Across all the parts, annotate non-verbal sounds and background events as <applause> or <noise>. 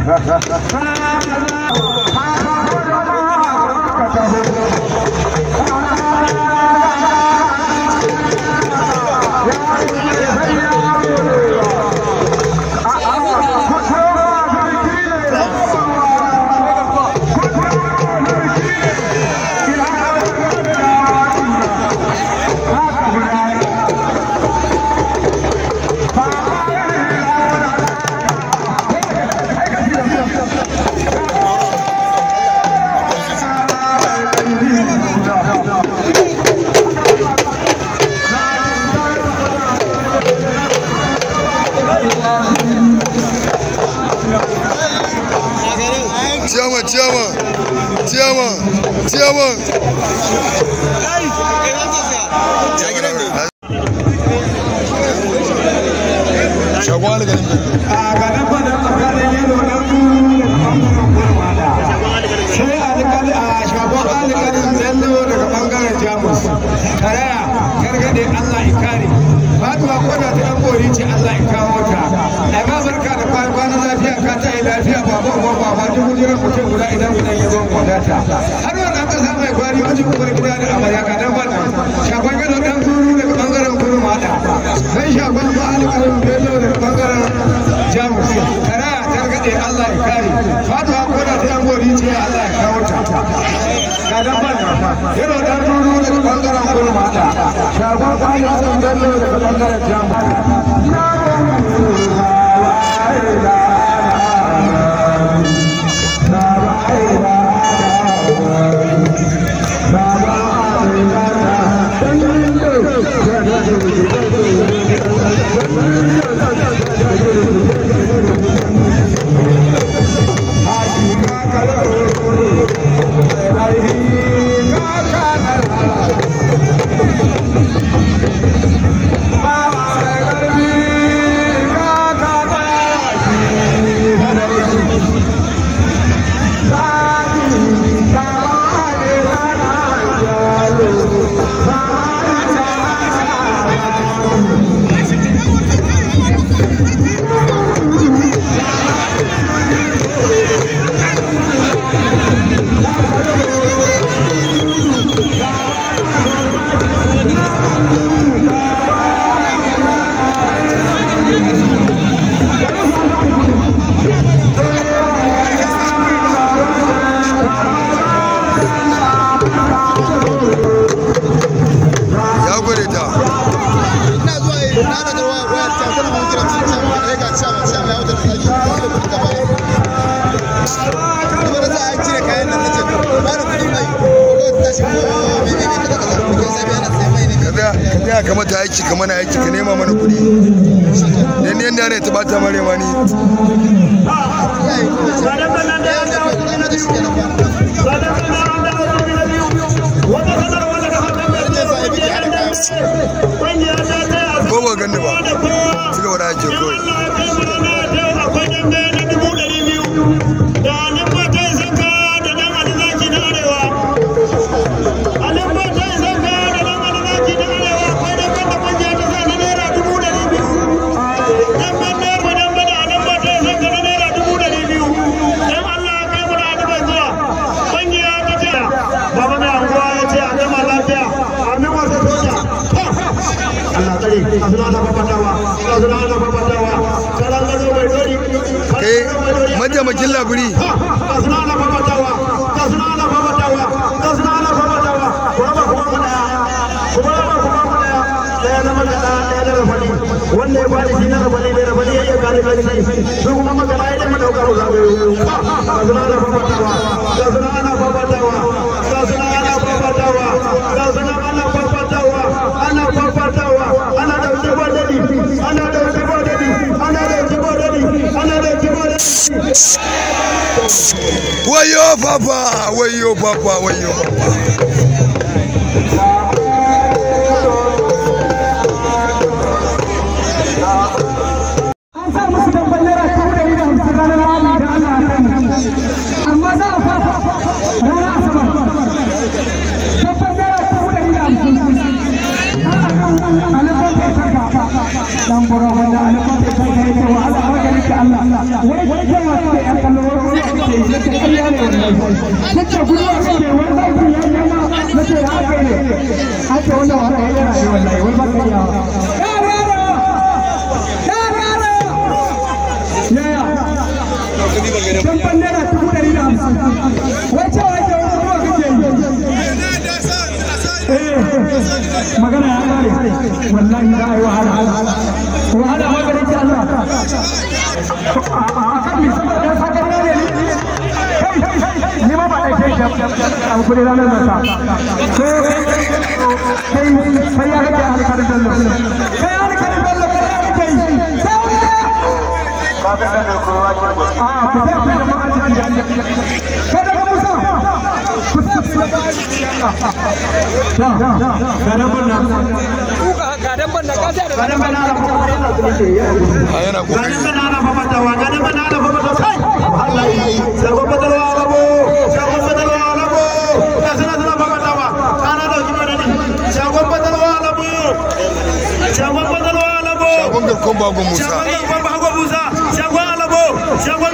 Thank <laughs> <laughs> you. <laughs> ciyaman Agora de amor. mana aiki ka nema mana kuɗi dan ne yanda ta bata mare mani ba ba wanda ya bada shi na ne rabani su kuma magana ya dama dauka ana fafatawa ga ana ana dadi ana dadi ana dadi ana dadi. Wayo papa, wayo papa, wayo papa. dan goro wanda alƙawari ta kai ta wahala ce ce na ce a ce wannan wahala maganin ta Allah a kan bisa ba dan sakar na ne ni ma ba da ke a kudi ranar da ta ko kai sai ya ga alƙarin dallo kai kai kai ka ga da kowa ke ba a ku sai ku gadan ko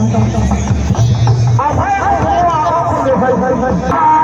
啊！嗨嗨嗨！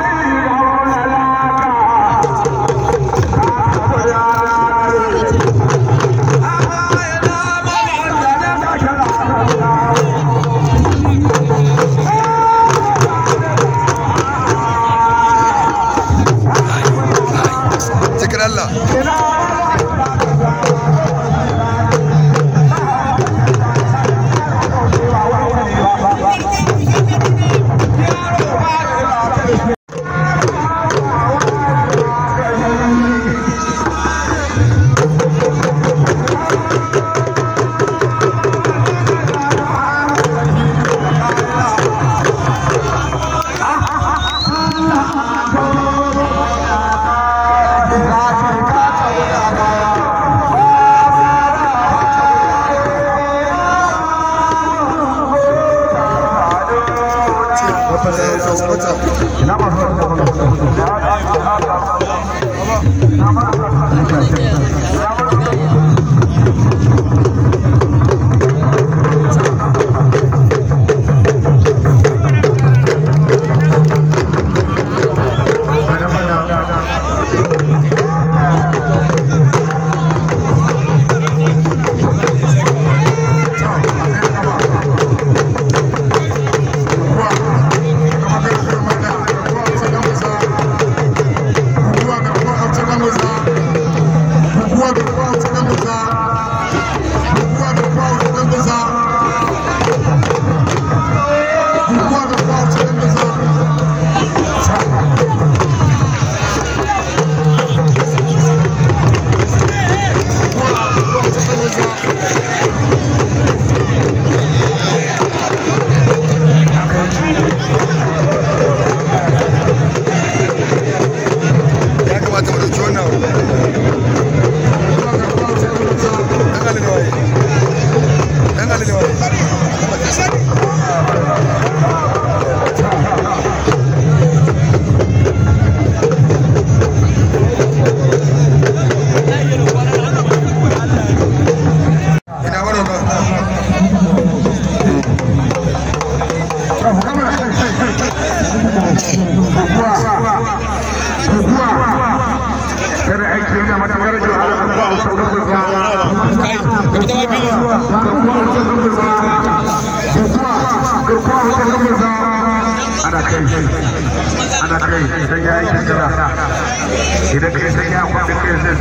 ana kai idan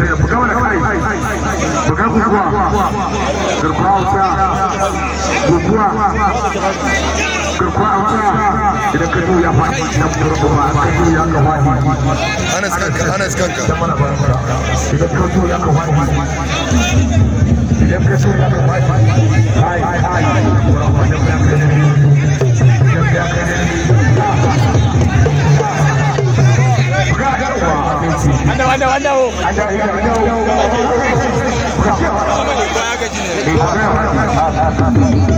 ya buga wani kai buga idan ka juya ka idan ka idan ka I know, I know, I know. I know, I know,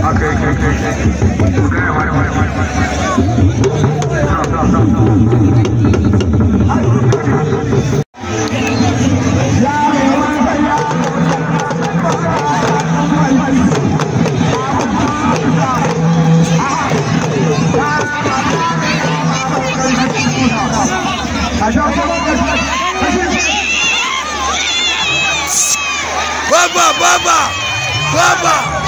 I know. Okay, okay, okay. baba baba baba.